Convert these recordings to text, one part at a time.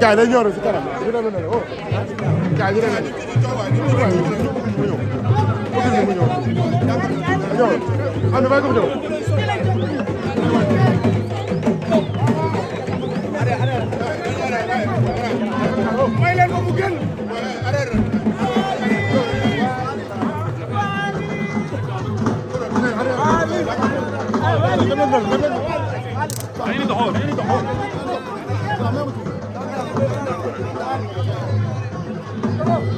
gaa yi day ñëw si kanam ñu ne ne oh gaa yi ñu ne ne mu ñëw mu ñëw. I need the hold. I need the hold.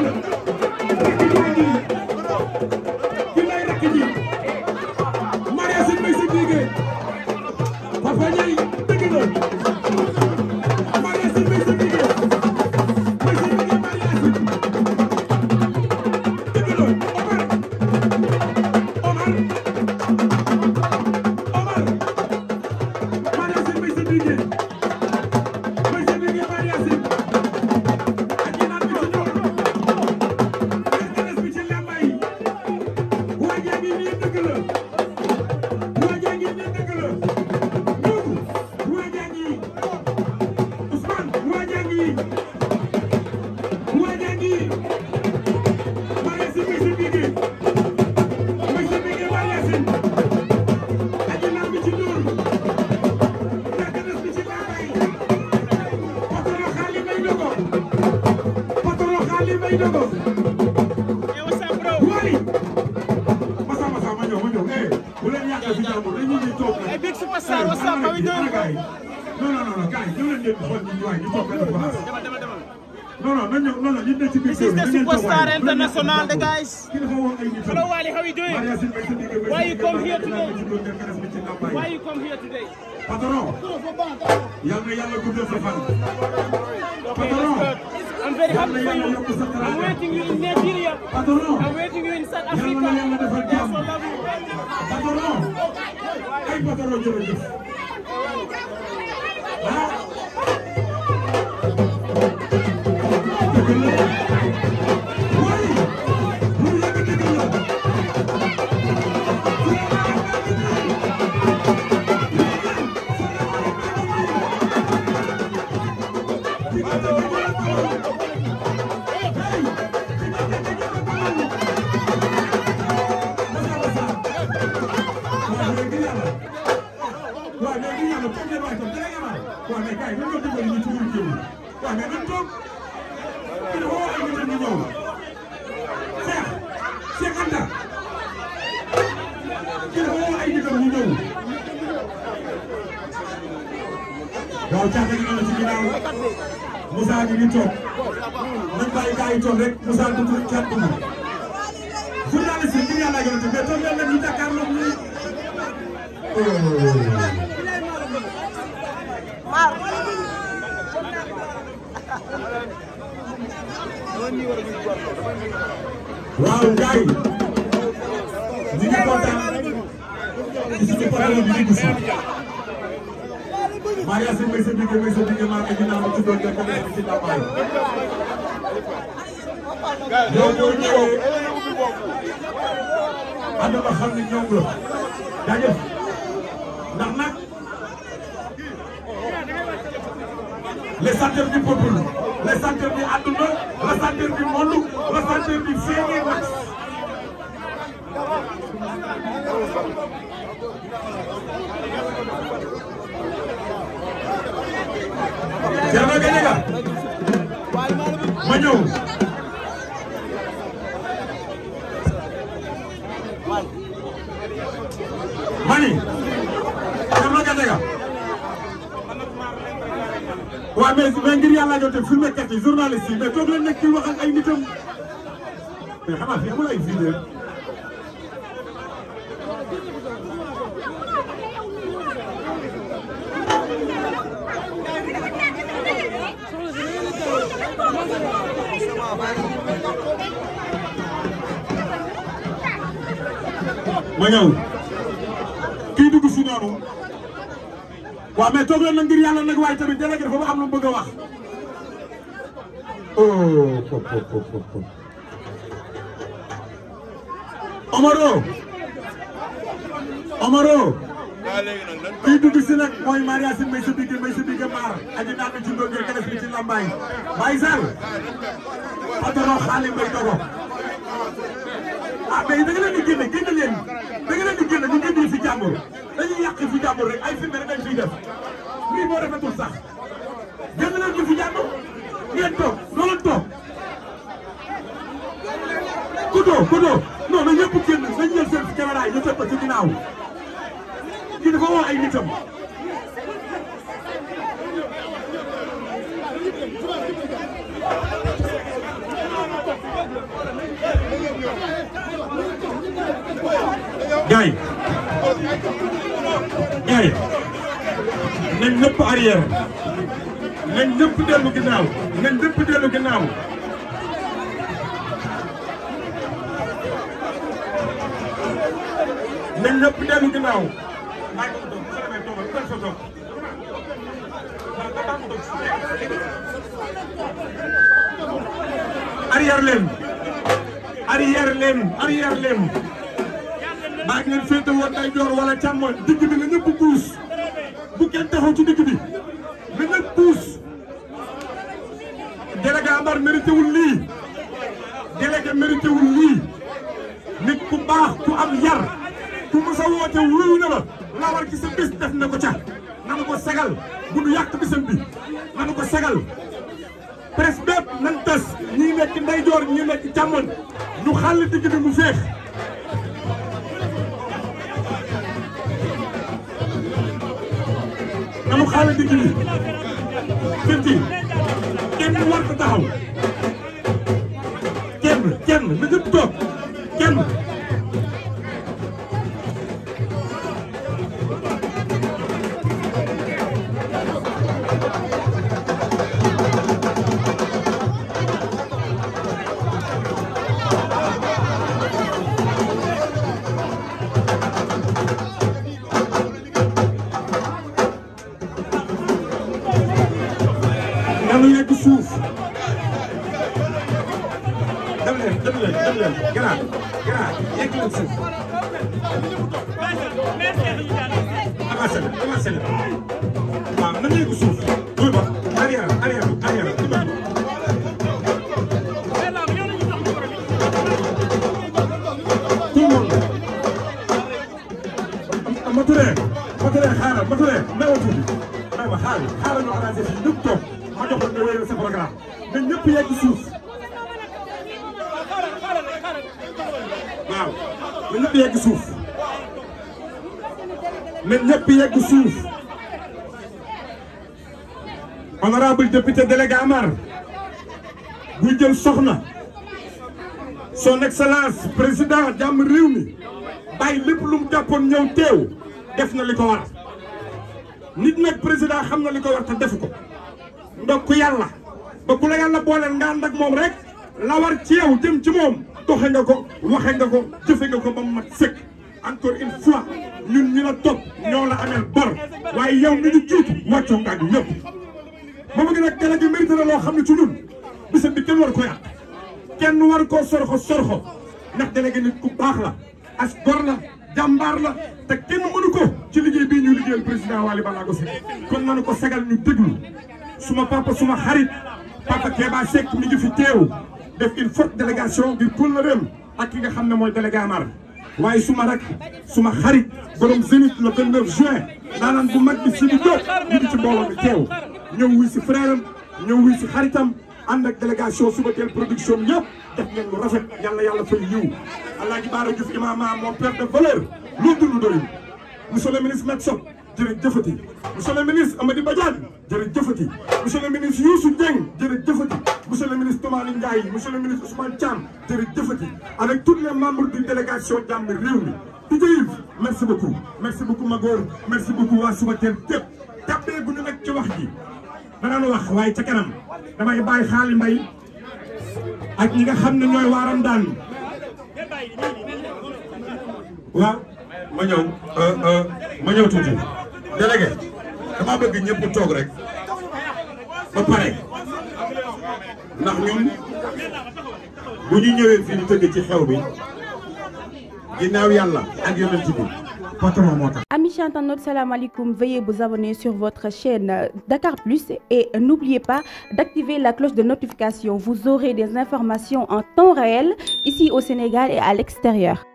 begin. ay big superstar what's up how you doing bro non non non gars ñu leen di xool ñu waay ñu toog benn place demal demal demal non non non non ñu nekk ci biir this is the superstar international the guys hello Wally how you doing why you come here today why you come here today patron yal na yàlla guddal sa fan patron I'm very happy for you I'm waiting you in Nigeria I'm waiting you in South Africa patron ay patron jërëjëf ah. ñoom kii boo xam ne dañu ñëw Cheikh Cheikh Anta kii boo ay nitam ñu ñëw. waaw caata gi noonu ci ginnaaw Moussa gi di toog nañ bàyyi gaa yi toog rek Moussa dugg caat dugg. journaliste bi ñu yàlla yonent mais toog leen nag ñu jàkkaarloo ñu. waaw Ndiaye ñu ngi kontaan ci suñu problème bi ñu gis. maa si may sa digg may sa digg maa ngi dinaa ma tuddoo nga ko nekk ci ndàmpaay. yow boo ñëwee am na ma xam ne ñoom la jaajëf ndax nag les centres du peuple. l'essentiel bi àdduna l'essentiel bi monde l'essentiel bi feeñee wax waaw mais mais ngir yàlla ñoo te filmé kat yi journaliste yi mais toog leen nekk ci wax ak ay nitam mais xanaa fi amul ay vidéo ma ñëw kii dugg si noonu waaw mais toog leen nag ngir yàlla nag waaye tamit délégué dafa am lu mu bëgg a wax. oh pop pop pop Omaro Omaro. kii dugg si nag mooy Mariasin may sa digg may sa digg maar aji naan na ci ndóol ngir keles bi ci lambaay Baye Sall patoro xaali mbay dogo ah mais da nga leen di génne génne leen da nga leen di génne ñu génne fi jàmbur dañuy yàq fi jàmbur rek ay filmé rek dañ fiy def lii moo rafetul sax génn leen ñu na ñëpp génn nañ jël seen caméra yi ñu tëb ci ginnaaw kii dafa woo ay nitam gaay nañ ñëpp arrière nañ ñëpp dellu ginnaaw nañ ñëpp dellu ginnaaw nañ ñëpp dellu ginnaaw arrière leen arrière leen arrière leen maa ngi leen féete woon day joor wala digg bi la ñëpp puus bu kenn taxaw ci digg bi la ñëpp puus délégué Amar mérité lii délégué mérité wul lii nit ku baax ku am yar ku mës a woote wuyu na la la war sa bis def na ko ca nanu ko sagal bu nu yàq bisam bi nanu ko sagal presse bépp nan tas ñi nekk ndeyjoor ñi nekk càmmoñ ñu xàll digg bi mu féex dama xaale dëkk bi kër gi kenn war ko taxaw kenn kenn na ñëpp toog kenn lu yegg suuf dem leen dem leen dem leen gannaaw gannaaw yegg leen suuf avancé leen avancé leen waaw na yegg suuf loolu ba arrière arrière arrière tout le monde ma turee ma turee xaaral ma turee may ma tuuti may ma xaaral xaaral ñu arrangé fii nga wéyal sa programme na ñëpp yegg suuf waaw na ñëpp yegg suuf na ñëpp yegg suuf honorable député délégué Amar jël soxna son excellence président jàmm réew mi bàyyi lépp lum jàppoon ñëw teew def na li ko war nit nag président xam na li ko war te defu ko ndokku yàlla ba ku la yàlla booleel nga ànd ak moom rek la war ci yow jëm ci moom doxe nga ko waxe nga ko jëfe nga ko ba mu mat sëkk encore une fois ñun ñu la topp ñoo la ameel bor waaye yow mi ñu jiitu wàccoo nga ak ñëpp ba bëgg nag gala gi mérité na xam ne ci ñun bisam bi kenn war ko yàq kenn war koo sorxo sorxo ndax délégué nit ku baax la as gor la jàmbaar la te kenn mënu ko ci liggéey bii ñu liggéeyal président Waly Ballago Seck kon nanu ko sagal ñu déglu suma papa suma xarit papa Kéba Seck mi ngi fi teew def une forte délégation bi pour le rem ak ki nga xam ne mooy délégué Amar waaye suma rak suma xarit borom Zénith le 29 juin daanaan bu mag bi si di toog ñu ngi ci mbooloo mi ñëw wuy si frère am ñëw wuy xaritam ànd ak délégation suba teel production yëpp def ngeen lu rafet yàlla yàlla fay yiw Alaaji Baara Diouf imam moo père de valeur loolu dund doyul monsieur le ministre Macky jërëjëfati monsieur le ministre Amady Badiane jërëjëfati monsieur le ministre Youssou Dieng jërëjëfati monsieur le ministre Toumani Ndiaye monsieur le ministre Ousmane Thiam jërëjëfati avec tous les membres du délégation Jàmmi Réew mi DJ Yves merci beaucoup merci beaucoup Magor merci beaucoup waa suba teel képp jàppee gu ñu nag ci wax ji danaan wax waaye ca kanam damay bàyyi xaali mbay ak ñi nga xam ne ñooy waaram daan waaw ma ñëw euh, euh, ma ñëw tuuti délégué dama bëgg ñëpp rek ba ndax ñun bu ñu ñëwee fii tëgg ci xew bi ginnaaw yàlla ak yonent bi patron moo tax. Amis chantants, salaamaaleykum veuillez vous sur votre chaîne Dakar Plus et n'oubliez pas d'activer la cloche de notification vous aurez des informations en temps réel ici au Sénégal et à l'extérieur